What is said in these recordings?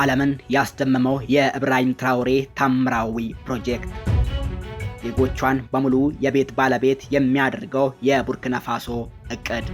ዓለምን ያስደመመው የኢብራሂም ትራውሬ ታምራዊ ፕሮጀክት ዜጎቿን በሙሉ የቤት ባለቤት የሚያደርገው የቡርኪና ፋሶ እቅድ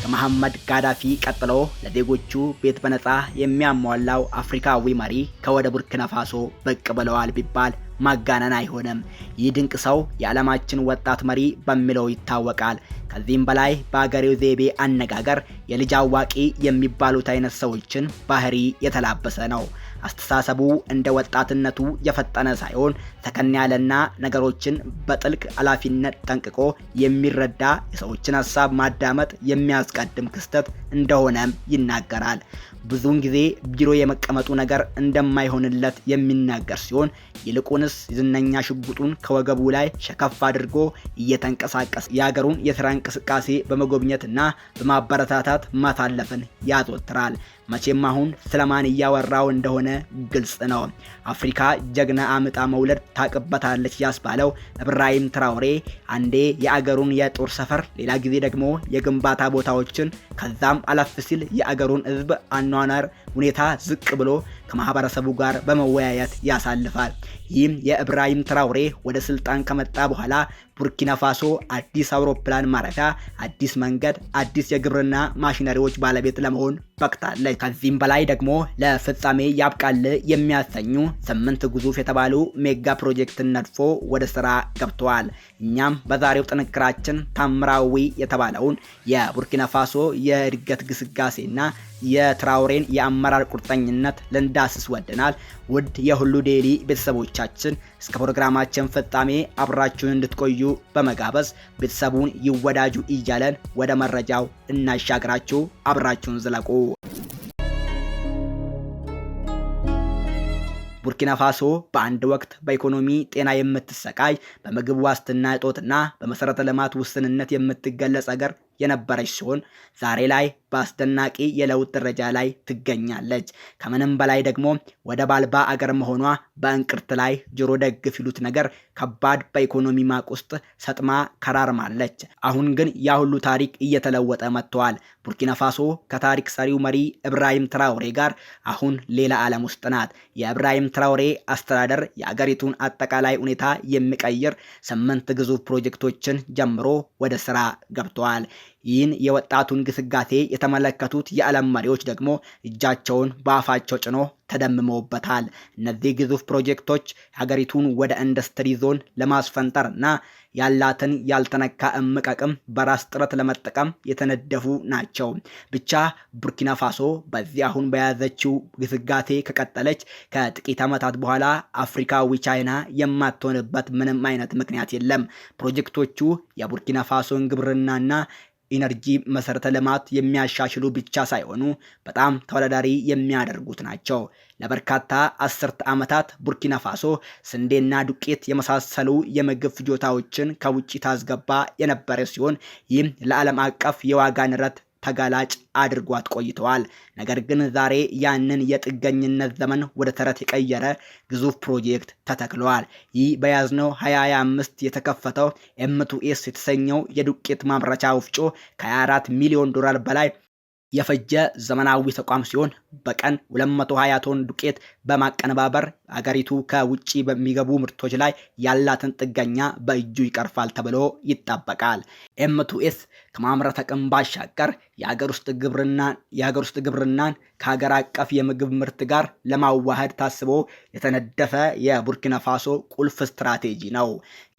ከመሐመድ ጋዳፊ ቀጥሎ ለዜጎቹ ቤት በነፃ የሚያሟላው አፍሪካዊ መሪ ከወደ ቡርኪና ፋሶ ብቅ ብለዋል ቢባል ማጋነን አይሆንም። ይህ ድንቅ ሰው የዓለማችን ወጣት መሪ በሚለው ይታወቃል። ከዚህም በላይ በአገሬው ዘይቤ አነጋገር የልጅ አዋቂ የሚባሉት አይነት ሰዎችን ባህሪ የተላበሰ ነው። አስተሳሰቡ እንደ ወጣትነቱ የፈጠነ ሳይሆን ተከን ያለና ነገሮችን በጥልቅ ኃላፊነት ጠንቅቆ የሚረዳ የሰዎችን ሀሳብ ማዳመጥ የሚያስቀድም ክስተት እንደሆነም ይናገራል። ብዙውን ጊዜ ቢሮ የመቀመጡ ነገር እንደማይሆንለት የሚናገር ሲሆን ይልቁንስ ሲደርስ ዝነኛ ሽጉጡን ከወገቡ ላይ ሸከፍ አድርጎ እየተንቀሳቀሰ የሀገሩን የስራ እንቅስቃሴ በመጎብኘትና በማበረታታት ማሳለፍን ያዘወትራል። መቼም አሁን ስለማን እያወራው እንደሆነ ግልጽ ነው። አፍሪካ ጀግና አምጣ መውለድ ታቅበታለች ያስባለው ኢብራሂም ትራውሬ አንዴ የአገሩን የጦር ሰፈር፣ ሌላ ጊዜ ደግሞ የግንባታ ቦታዎችን ከዛም አለፍ ሲል የአገሩን ሕዝብ አኗኗር ሁኔታ ዝቅ ብሎ ከማህበረሰቡ ጋር በመወያየት ያሳልፋል። ይህም የኢብራሂም ትራውሬ ወደ ስልጣን ከመጣ በኋላ ቡርኪና ፋሶ አዲስ አውሮፕላን ማረፊያ፣ አዲስ መንገድ፣ አዲስ የግብርና ማሽነሪዎች ባለቤት ለመሆን በቅታለች። ከዚህም በላይ ደግሞ ለፍጻሜ ያብቃል የሚያሰኙ ስምንት ግዙፍ የተባሉ ሜጋ ፕሮጀክትን ነድፎ ወደ ስራ ገብተዋል። እኛም በዛሬው ጥንክራችን ታምራዊ የተባለውን የቡርኪና ፋሶ የእድገት ግስጋሴና የትራውሬን የአመራር ቁርጠኝነት ልንዳስስ ወደናል። ውድ የሁሉ ዴይሊ ቤተሰቦቻችን እስከ ፕሮግራማችን ፍጣሜ አብራችሁን እንድትቆዩ በመጋበዝ ቤተሰቡን ይወዳጁ እያለን ወደ መረጃው እናሻግራችሁ። አብራችሁን ዝለቁ። ቡርኪና ፋሶ በአንድ ወቅት በኢኮኖሚ ጤና የምትሰቃይ በምግብ ዋስትና እጦትና በመሰረተ ልማት ውስንነት የምትገለጽ ሀገር የነበረች ሲሆን ዛሬ ላይ በአስደናቂ የለውጥ ደረጃ ላይ ትገኛለች። ከምንም በላይ ደግሞ ወደብ አልባ አገር መሆኗ በእንቅርት ላይ ጆሮ ደግፍ ይሉት ነገር ከባድ በኢኮኖሚ ማቅ ውስጥ ሰጥማ ከራርማለች። አሁን ግን ያ ሁሉ ታሪክ እየተለወጠ መጥተዋል። ቡርኪናፋሶ ከታሪክ ሰሪው መሪ እብራሂም ትራውሬ ጋር አሁን ሌላ ዓለም ውስጥ ናት። የእብራሂም ትራውሬ አስተዳደር የአገሪቱን አጠቃላይ ሁኔታ የሚቀይር ስምንት ግዙፍ ፕሮጀክቶችን ጀምሮ ወደ ስራ ገብተዋል። ይህን የወጣቱን ግስጋሴ የተመለከቱት የዓለም መሪዎች ደግሞ እጃቸውን በአፋቸው ጭኖ ተደምመውበታል። እነዚህ ግዙፍ ፕሮጀክቶች ሀገሪቱን ወደ ኢንዱስትሪ ዞን ለማስፈንጠር እና ያላትን ያልተነካ እምቅ አቅም በራስ ጥረት ለመጠቀም የተነደፉ ናቸው። ብቻ ቡርኪና ፋሶ በዚህ አሁን በያዘችው ግስጋሴ ከቀጠለች ከጥቂት ዓመታት በኋላ አፍሪካዊ ቻይና የማትሆንበት ምንም አይነት ምክንያት የለም። ፕሮጀክቶቹ የቡርኪና ፋሶን ግብርናና ኢነርጂ መሰረተ ልማት የሚያሻሽሉ ብቻ ሳይሆኑ በጣም ተወዳዳሪ የሚያደርጉት ናቸው። ለበርካታ አስርተ ዓመታት ቡርኪና ፋሶ ስንዴና ዱቄት የመሳሰሉ የምግብ ፍጆታዎችን ከውጭ ታስገባ የነበረ ሲሆን ይህም ለዓለም አቀፍ የዋጋ ንረት ተጋላጭ አድርጓት ቆይተዋል። ነገር ግን ዛሬ ያንን የጥገኝነት ዘመን ወደ ተረት የቀየረ ግዙፍ ፕሮጀክት ተተክለዋል። ይህ በያዝነው 2025 የተከፈተው ኤምቱኤስ የተሰኘው የዱቄት ማምረቻ ወፍጮ ከ24 ሚሊዮን ዶላር በላይ የፈጀ ዘመናዊ ተቋም ሲሆን በቀን 220 ቶን ዱቄት በማቀነባበር አገሪቱ ከውጭ በሚገቡ ምርቶች ላይ ያላትን ጥገኛ በእጁ ይቀርፋል ተብሎ ይጠበቃል። ኤምቱኤስ ከማምረት አቅም ባሻገር የሀገር ውስጥ ግብርናን የሀገር ውስጥ ግብርናን ከሀገር አቀፍ የምግብ ምርት ጋር ለማዋሃድ ታስቦ የተነደፈ የቡርኪና ፋሶ ቁልፍ ስትራቴጂ ነው።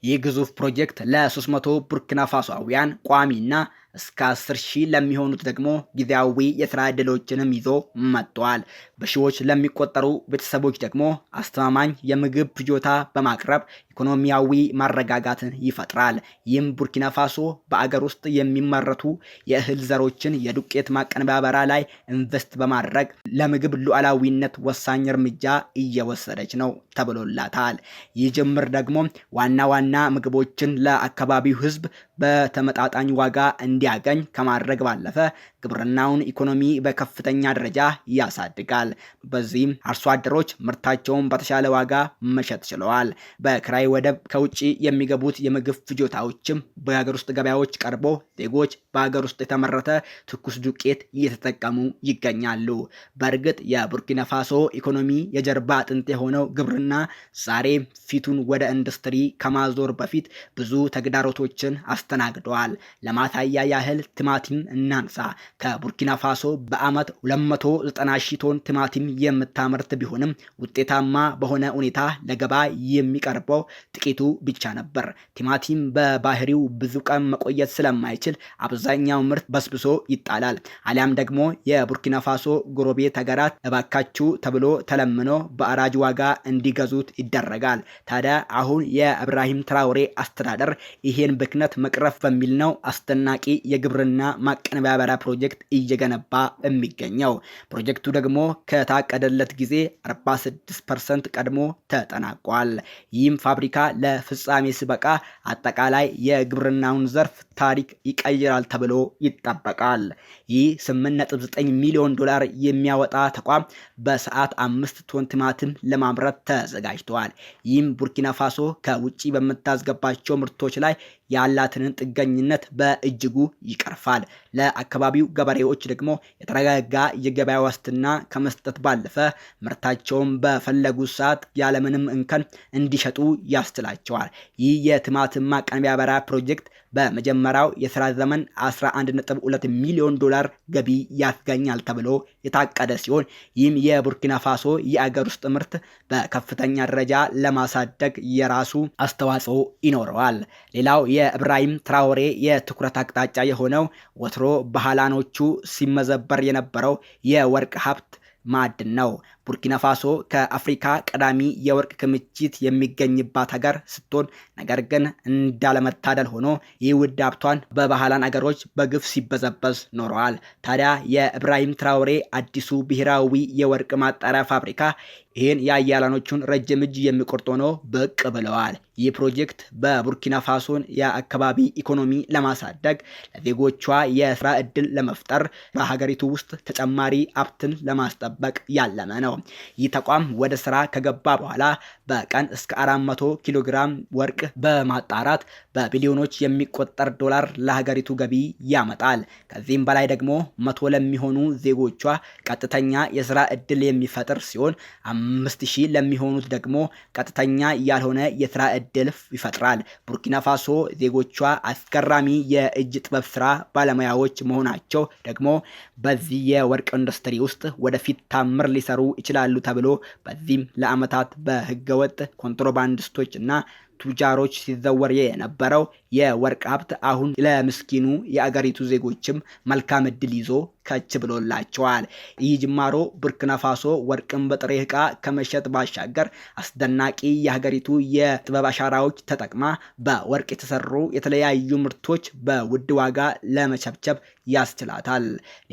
ይህ ግዙፍ ፕሮጀክት ለ300 ቡርኪና ፋሶውያን ቋሚና እስከ 10 ሺህ ለሚሆኑት ደግሞ ጊዜያዊ የስራ ዕድሎችንም ይዞ መጥቷል። በሺዎች ለሚቆጠሩ ቤተሰቦች ደግሞ አስተማማኝ የምግብ ፍጆታ በማቅረብ ኢኮኖሚያዊ ማረጋጋትን ይፈጥራል። ይህም ቡርኪና ፋሶ በአገር ውስጥ የሚመረቱ የእህል ዘሮችን የዱቄት ማቀነባበሪያ ላይ ኢንቨስት በማድረግ ለምግብ ሉዓላዊነት ወሳኝ እርምጃ እየወሰደች ነው ተብሎላታል። ይህ ጅምር ደግሞ ዋና ዋና ምግቦችን ለአካባቢው ህዝብ በተመጣጣኝ ዋጋ እንዲያገኝ ከማድረግ ባለፈ ግብርናውን ኢኮኖሚ በከፍተኛ ደረጃ ያሳድጋል። በዚህም አርሶ አደሮች ምርታቸውን በተሻለ ዋጋ መሸጥ ችለዋል። በክራይ ወደብ ከውጭ የሚገቡት የምግብ ፍጆታዎችም በሀገር ውስጥ ገበያዎች ቀርቦ ዜጎች በሀገር ውስጥ የተመረተ ትኩስ ዱቄት እየተጠቀሙ ይገኛሉ። በእርግጥ የቡርኪና ፋሶ ኢኮኖሚ የጀርባ አጥንት የሆነው ግብርና ዛሬ ፊቱን ወደ ኢንዱስትሪ ከማዞር በፊት ብዙ ተግዳሮቶችን አስ አስተናግደዋል። ለማሳያ ያህል ቲማቲም እናንሳ። ከቡርኪና ፋሶ በዓመት 290 ሺህ ቶን ቲማቲም የምታመርት ቢሆንም ውጤታማ በሆነ ሁኔታ ለገባ የሚቀርበው ጥቂቱ ብቻ ነበር። ቲማቲም በባህሪው ብዙ ቀን መቆየት ስለማይችል አብዛኛው ምርት በስብሶ ይጣላል። አሊያም ደግሞ የቡርኪና ፋሶ ጎረቤት ሀገራት እባካችሁ ተብሎ ተለምኖ በአራጅ ዋጋ እንዲገዙት ይደረጋል። ታዲያ አሁን የኢብራሂም ትራውሬ አስተዳደር ይሄን ብክነት ይቅረፍ በሚል ነው አስደናቂ የግብርና ማቀነባበሪያ ፕሮጀክት እየገነባ የሚገኘው። ፕሮጀክቱ ደግሞ ከታቀደለት ጊዜ 46 ፐርሰንት ቀድሞ ተጠናቋል። ይህም ፋብሪካ ለፍጻሜ ሲበቃ አጠቃላይ የግብርናውን ዘርፍ ታሪክ ይቀይራል ተብሎ ይጠበቃል። ይህ 8.9 ሚሊዮን ዶላር የሚያወጣ ተቋም በሰዓት አምስት ቶን ቲማቲም ለማምረት ተዘጋጅተዋል። ይህም ቡርኪና ፋሶ ከውጭ በምታስገባቸው ምርቶች ላይ ያላትንን ጥገኝነት በእጅጉ ይቀርፋል። ለአካባቢው ገበሬዎች ደግሞ የተረጋጋ የገበያ ዋስትና ከመስጠት ባለፈ ምርታቸውን በፈለጉ ሰዓት ያለምንም እንከን እንዲሸጡ ያስችላቸዋል። ይህ የቲማቲም ማቀነባበሪያ ፕሮጀክት በመጀመሪያው የስራ ዘመን 11.2 ሚሊዮን ዶላር ገቢ ያስገኛል ተብሎ የታቀደ ሲሆን ይህም የቡርኪና ፋሶ የአገር ውስጥ ምርት በከፍተኛ ደረጃ ለማሳደግ የራሱ አስተዋጽኦ ይኖረዋል። ሌላው የኢብራሂም ትራዎሬ የትኩረት አቅጣጫ የሆነው ወትሮ ባህላኖቹ ሲመዘበር የነበረው የወርቅ ሀብት ማዕድን ነው። ቡርኪና ፋሶ ከአፍሪካ ቀዳሚ የወርቅ ክምችት የሚገኝባት ሀገር ስትሆን ነገር ግን እንዳለመታደል ሆኖ ይህ ውድ ሀብቷን በባህላን አገሮች በግፍ ሲበዘበዝ ኖረዋል። ታዲያ የኢብራሂም ትራውሬ አዲሱ ብሔራዊ የወርቅ ማጣሪያ ፋብሪካ ይህን የአያላኖቹን ረጅም እጅ የሚቆርጥ ሆኖ ብቅ ብለዋል። ይህ ፕሮጀክት በቡርኪና ፋሶን የአካባቢ ኢኮኖሚ ለማሳደግ፣ ለዜጎቿ የስራ ዕድል ለመፍጠር፣ በሀገሪቱ ውስጥ ተጨማሪ ሀብትን ለማስጠበቅ ያለመ ነው። ነው። ይህ ተቋም ወደ ስራ ከገባ በኋላ በቀን እስከ 400 ኪሎ ግራም ወርቅ በማጣራት በቢሊዮኖች የሚቆጠር ዶላር ለሀገሪቱ ገቢ ያመጣል። ከዚህም በላይ ደግሞ መቶ ለሚሆኑ ዜጎቿ ቀጥተኛ የስራ እድል የሚፈጥር ሲሆን አምስት ሺህ ለሚሆኑት ደግሞ ቀጥተኛ ያልሆነ የስራ እድል ይፈጥራል። ቡርኪና ፋሶ ዜጎቿ አስገራሚ የእጅ ጥበብ ስራ ባለሙያዎች መሆናቸው ደግሞ በዚህ የወርቅ ኢንዱስትሪ ውስጥ ወደፊት ታምር ሊሰሩ ይችላሉ ተብሎ በዚህም ለአመታት በህገወጥ ኮንትሮባንዲስቶች እና ቱጃሮች ሲዘወር የነበረው የወርቅ ሀብት አሁን ለምስኪኑ የአገሪቱ ዜጎችም መልካም እድል ይዞ ከች ብሎላቸዋል። ይህ ጅማሮ ቡርኪና ወርቅን በጥሬ ዕቃ ከመሸጥ ባሻገር አስደናቂ የሀገሪቱ የጥበብ አሻራዎች ተጠቅማ በወርቅ የተሰሩ የተለያዩ ምርቶች በውድ ዋጋ ለመቸብቸብ ያስችላታል።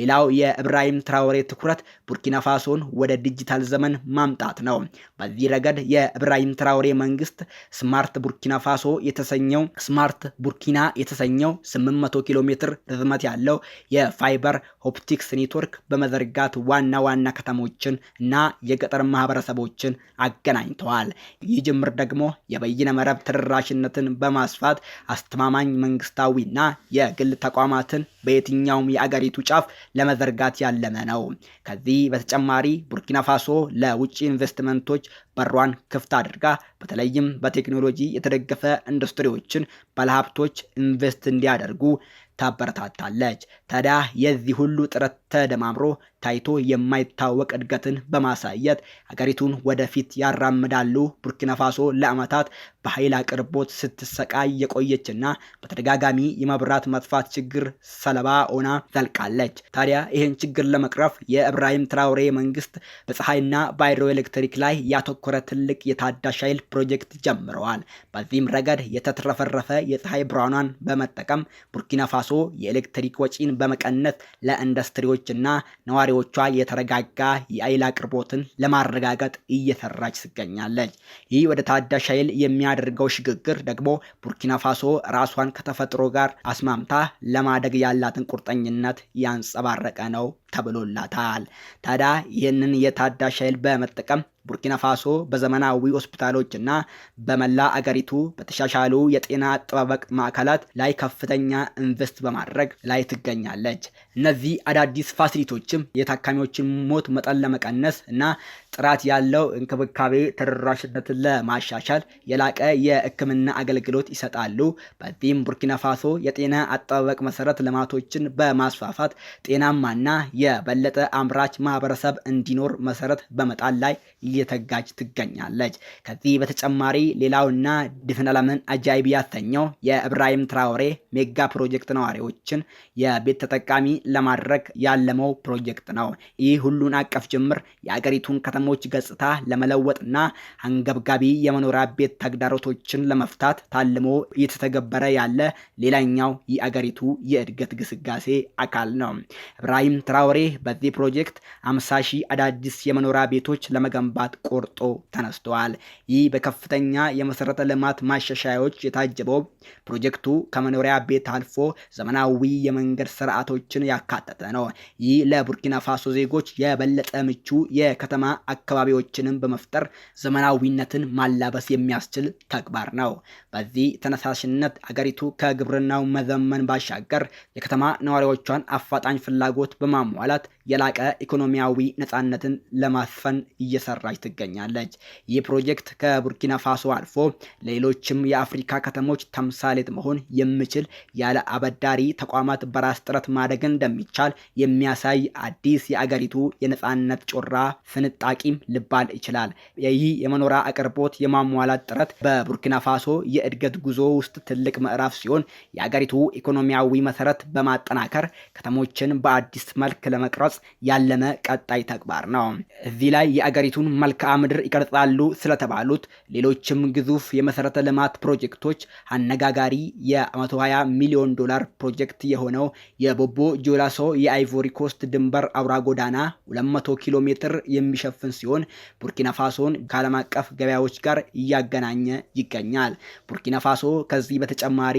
ሌላው የኢብራሂም ትራውሬ ትኩረት ቡርኪና ፋሶን ወደ ዲጂታል ዘመን ማምጣት ነው። በዚህ ረገድ የኢብራሂም ትራውሬ መንግስት ስማርት ቡርኪናፋሶ የተሰኘው ስማርት ቡርኪና የተሰኘው 800 ኪሎ ሜትር ርዝመት ያለው የፋይበር ሆፕ ኦፕቲክስ ኔትወርክ በመዘርጋት ዋና ዋና ከተሞችን እና የገጠር ማህበረሰቦችን አገናኝተዋል። ይህ ጅምር ደግሞ የበይነ መረብ ተደራሽነትን በማስፋት አስተማማኝ መንግስታዊና የግል ተቋማትን በየትኛውም የአገሪቱ ጫፍ ለመዘርጋት ያለመ ነው። ከዚህ በተጨማሪ ቡርኪና ፋሶ ለውጭ ኢንቨስትመንቶች በሯን ክፍት አድርጋ በተለይም በቴክኖሎጂ የተደገፈ ኢንዱስትሪዎችን ባለሀብቶች ኢንቨስት እንዲያደርጉ ታበረታታለች። ታዲያ የዚህ ሁሉ ጥረት ተደማምሮ ታይቶ የማይታወቅ እድገትን በማሳየት ሀገሪቱን ወደፊት ያራምዳሉ። ቡርኪና ፋሶ ለዓመታት በኃይል አቅርቦት ስትሰቃይ የቆየችና በተደጋጋሚ የመብራት መጥፋት ችግር ሰለባ ሆና ዘልቃለች። ታዲያ ይህን ችግር ለመቅረፍ የእብራሂም ትራውሬ መንግስት በፀሐይና በሃይድሮ ኤሌክትሪክ ላይ ያተኮረ ትልቅ የታዳሽ ኃይል ፕሮጀክት ጀምረዋል። በዚህም ረገድ የተትረፈረፈ የፀሐይ ብርሃኗን በመጠቀም ቡርኪና ፋሶ የኤሌክትሪክ ወጪን በመቀነስ ለኢንዱስትሪዎች ዩኒቨርሲቲዎችና ነዋሪዎቿ የተረጋጋ የኃይል አቅርቦትን ለማረጋገጥ እየሰራች ትገኛለች። ይህ ወደ ታዳሽ ኃይል የሚያደርገው ሽግግር ደግሞ ቡርኪና ፋሶ ራሷን ከተፈጥሮ ጋር አስማምታ ለማደግ ያላትን ቁርጠኝነት ያንጸባረቀ ነው ተብሎላታል። ታዲያ ይህንን የታዳሽ ኃይል በመጠቀም ቡርኪና ፋሶ በዘመናዊ ሆስፒታሎች እና በመላ አገሪቱ በተሻሻሉ የጤና አጠባበቅ ማዕከላት ላይ ከፍተኛ ኢንቨስት በማድረግ ላይ ትገኛለች። እነዚህ አዳዲስ ፋሲሊቶችም የታካሚዎችን ሞት መጠን ለመቀነስ እና ጥራት ያለው እንክብካቤ ተደራሽነትን ለማሻሻል የላቀ የሕክምና አገልግሎት ይሰጣሉ። በዚህም ቡርኪና ፋሶ የጤና አጠባበቅ መሰረት ልማቶችን በማስፋፋት ጤናማና የበለጠ አምራች ማህበረሰብ እንዲኖር መሰረት በመጣል ላይ እየተጋጅ ትገኛለች። ከዚህ በተጨማሪ ሌላውና ድፍን ዓለምን አጃይብ ያሰኘው የእብራሂም ትራወሬ ሜጋ ፕሮጀክት ነዋሪዎችን የቤት ተጠቃሚ ለማድረግ ያለመው ፕሮጀክት ነው። ይህ ሁሉን አቀፍ ጅምር የአገሪቱን ከተሞች ገጽታ ለመለወጥና አንገብጋቢ የመኖሪያ ቤት ተግዳሮቶችን ለመፍታት ታልሞ እየተተገበረ ያለ ሌላኛው የአገሪቱ የእድገት ግስጋሴ አካል ነው። ኢብራሂም ትራውሬ በዚህ ፕሮጀክት አምሳ ሺህ አዳዲስ የመኖሪያ ቤቶች ለመገንባት ቆርጦ ተነስተዋል። ይህ በከፍተኛ የመሰረተ ልማት ማሻሻያዎች የታጀበው ፕሮጀክቱ ከመኖሪያ ቤት አልፎ ዘመናዊ የመንገድ ስርዓቶችን ያካተተ ነው። ይህ ለቡርኪና ፋሶ ዜጎች የበለጠ ምቹ የከተማ አካባቢዎችንም በመፍጠር ዘመናዊነትን ማላበስ የሚያስችል ተግባር ነው። በዚህ ተነሳሽነት አገሪቱ ከግብርናው መዘመን ባሻገር የከተማ ነዋሪዎቿን አፋጣኝ ፍላጎት በማሟላት የላቀ ኢኮኖሚያዊ ነፃነትን ለማስፈን እየሰራች ትገኛለች። ይህ ፕሮጀክት ከቡርኪና ፋሶ አልፎ ለሌሎችም የአፍሪካ ከተሞች ተምሳሌት መሆን የሚችል ያለ አበዳሪ ተቋማት በራስ ጥረት ማደግን እንደሚቻል የሚያሳይ አዲስ የአገሪቱ የነፃነት ጮራ ፍንጣቂም ልባል ይችላል። ይህ የመኖሪያ አቅርቦት የማሟላት ጥረት በቡርኪና ፋሶ የእድገት ጉዞ ውስጥ ትልቅ ምዕራፍ ሲሆን የአገሪቱ ኢኮኖሚያዊ መሰረት በማጠናከር ከተሞችን በአዲስ መልክ ለመቅረጽ ያለመ ቀጣይ ተግባር ነው። እዚህ ላይ የአገሪቱን መልክዓ ምድር ይቀርጻሉ ስለተባሉት ሌሎችም ግዙፍ የመሰረተ ልማት ፕሮጀክቶች አነጋጋሪ የ120 ሚሊዮን ዶላር ፕሮጀክት የሆነው የቦቦ ጆላሶ የአይቮሪ ኮስት ድንበር አውራ ጎዳና 200 ኪሎ ሜትር የሚሸፍን ሲሆን ቡርኪናፋሶን ፋሶን ከዓለም አቀፍ ገበያዎች ጋር እያገናኘ ይገኛል። ቡርኪናፋሶ ከዚህ በተጨማሪ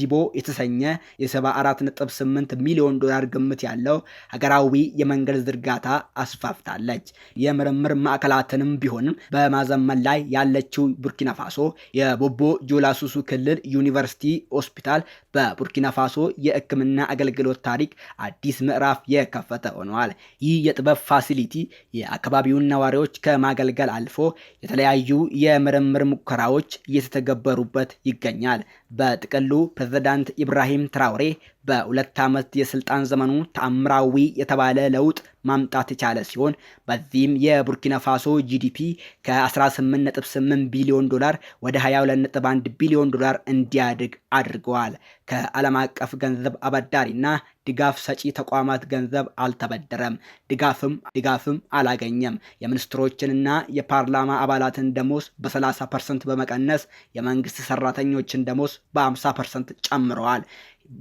ዚቦ የተሰኘ የ74.8 ሚሊዮን ዶላር ግምት ያለው ሀገራዊ የመንገድ ዝርጋታ አስፋፍታለች። የምርምር ማዕከላትንም ቢሆንም በማዘመን ላይ ያለችው ቡርኪናፋሶ የቦቦ ጆላሱሱ ክልል ዩኒቨርሲቲ ሆስፒታል በቡርኪናፋሶ የህክምና የሕክምና አገልግሎት ታሪክ ታሪክ አዲስ ምዕራፍ የከፈተ ሆነዋል። ይህ የጥበብ ፋሲሊቲ የአካባቢውን ነዋሪዎች ከማገልገል አልፎ የተለያዩ የምርምር ሙከራዎች እየተተገበሩበት ይገኛል። በጥቅሉ ፕሬዝዳንት ኢብራሂም ትራውሬ በሁለት ዓመት የስልጣን ዘመኑ ተአምራዊ የተባለ ለውጥ ማምጣት የቻለ ሲሆን በዚህም የቡርኪና ፋሶ ጂዲፒ ከ18.8 ቢሊዮን ዶላር ወደ 22.1 ቢሊዮን ዶላር እንዲያድግ አድርገዋል። ከዓለም አቀፍ ገንዘብ አበዳሪና ድጋፍ ሰጪ ተቋማት ገንዘብ አልተበደረም፣ ድጋፍም ድጋፍም አላገኘም። የሚኒስትሮችንና የፓርላማ አባላትን ደሞዝ በ30 ፐርሰንት በመቀነስ የመንግስት ሰራተኞችን ደሞዝ በ50 ፐርሰንት ጨምረዋል።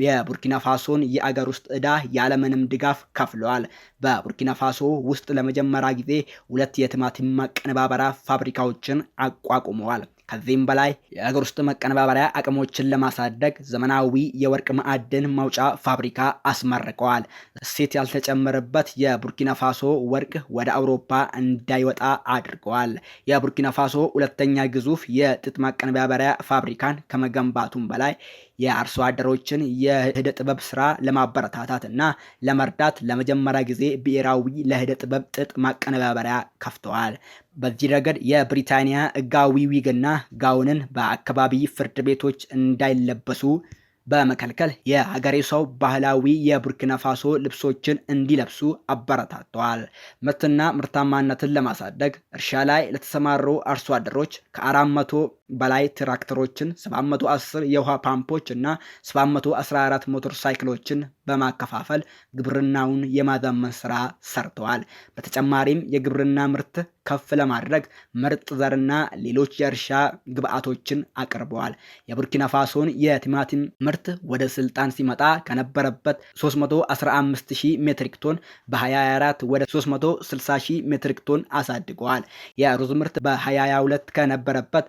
የቡርኪና ፋሶን የአገር ውስጥ ዕዳ ያለምንም ድጋፍ ከፍለዋል። በቡርኪና ፋሶ ውስጥ ለመጀመሪያ ጊዜ ሁለት የቲማቲም ማቀነባበሪያ ፋብሪካዎችን አቋቁመዋል። ከዚህም በላይ የሀገር ውስጥ መቀነባበሪያ አቅሞችን ለማሳደግ ዘመናዊ የወርቅ ማዕድን ማውጫ ፋብሪካ አስመርቀዋል። እሴት ያልተጨመረበት የቡርኪና ፋሶ ወርቅ ወደ አውሮፓ እንዳይወጣ አድርገዋል። የቡርኪና ፋሶ ሁለተኛ ግዙፍ የጥጥ ማቀነባበሪያ ፋብሪካን ከመገንባቱም በላይ የአርሶ አደሮችን የእደ ጥበብ ስራ ለማበረታታት እና ለመርዳት ለመጀመሪያ ጊዜ ብሔራዊ ለእደ ጥበብ ጥጥ ማቀነባበሪያ ከፍተዋል። በዚህ ረገድ የብሪታንያ ጋዊ ዊግና ጋውንን በአካባቢ ፍርድ ቤቶች እንዳይለበሱ በመከልከል የሀገሬ ሰው ባህላዊ የቡርኪናፋሶ ልብሶችን እንዲለብሱ አበረታተዋል። ምርትና ምርታማነትን ለማሳደግ እርሻ ላይ ለተሰማሩ አርሶ አደሮች ከአራት መቶ በላይ ትራክተሮችን 710 የውሃ ፓምፖች እና 714 ሞተር ሳይክሎችን በማከፋፈል ግብርናውን የማዘመን ስራ ሰርተዋል። በተጨማሪም የግብርና ምርት ከፍ ለማድረግ ምርጥ ዘርና ሌሎች የእርሻ ግብዓቶችን አቅርበዋል። የቡርኪና ፋሶን የቲማቲም ምርት ወደ ስልጣን ሲመጣ ከነበረበት 315000 ሜትሪክ ቶን በ 24 ወደ 360000 ሜትሪክ ቶን አሳድገዋል። የሩዝ ምርት በ 22 ከነበረበት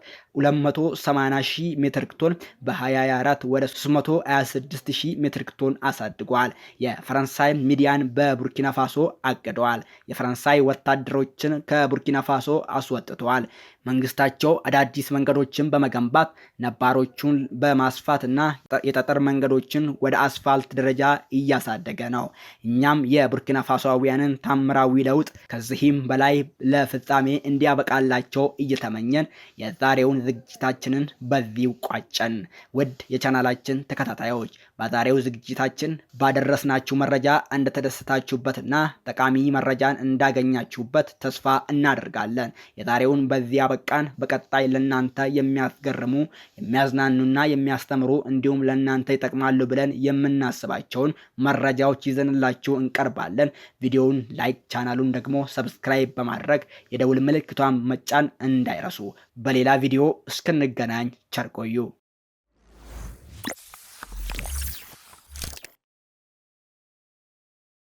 280 ሺህ ሜትሪክ ቶን በ2024 ወደ 326 ሜትሪክ ቶን አሳድጓል። የፈረንሳይ ሚዲያን በቡርኪና ፋሶ አቅደዋል። የፈረንሳይ ወታደሮችን ከቡርኪና ፋሶ አስወጥተዋል። መንግስታቸው አዳዲስ መንገዶችን በመገንባት ነባሮቹን በማስፋት እና የጠጠር መንገዶችን ወደ አስፋልት ደረጃ እያሳደገ ነው። እኛም የቡርኪና ፋሶውያንን ታምራዊ ለውጥ ከዚህም በላይ ለፍጻሜ እንዲያበቃላቸው እየተመኘን የዛሬውን ዝግ ዝግጅታችንን በዚሁ ቋጨን። ውድ የቻናላችን ተከታታዮች በዛሬው ዝግጅታችን ባደረስናችሁ መረጃ እንደተደሰታችሁበትና ጠቃሚ መረጃን እንዳገኛችሁበት ተስፋ እናደርጋለን። የዛሬውን በዚያ በቃን። በቀጣይ ለእናንተ የሚያስገርሙ የሚያዝናኑና የሚያስተምሩ እንዲሁም ለእናንተ ይጠቅማሉ ብለን የምናስባቸውን መረጃዎች ይዘንላችሁ እንቀርባለን። ቪዲዮውን ላይክ፣ ቻናሉን ደግሞ ሰብስክራይብ በማድረግ የደውል ምልክቷን መጫን እንዳይረሱ። በሌላ ቪዲዮ እስክንገናኝ ቸርቆዩ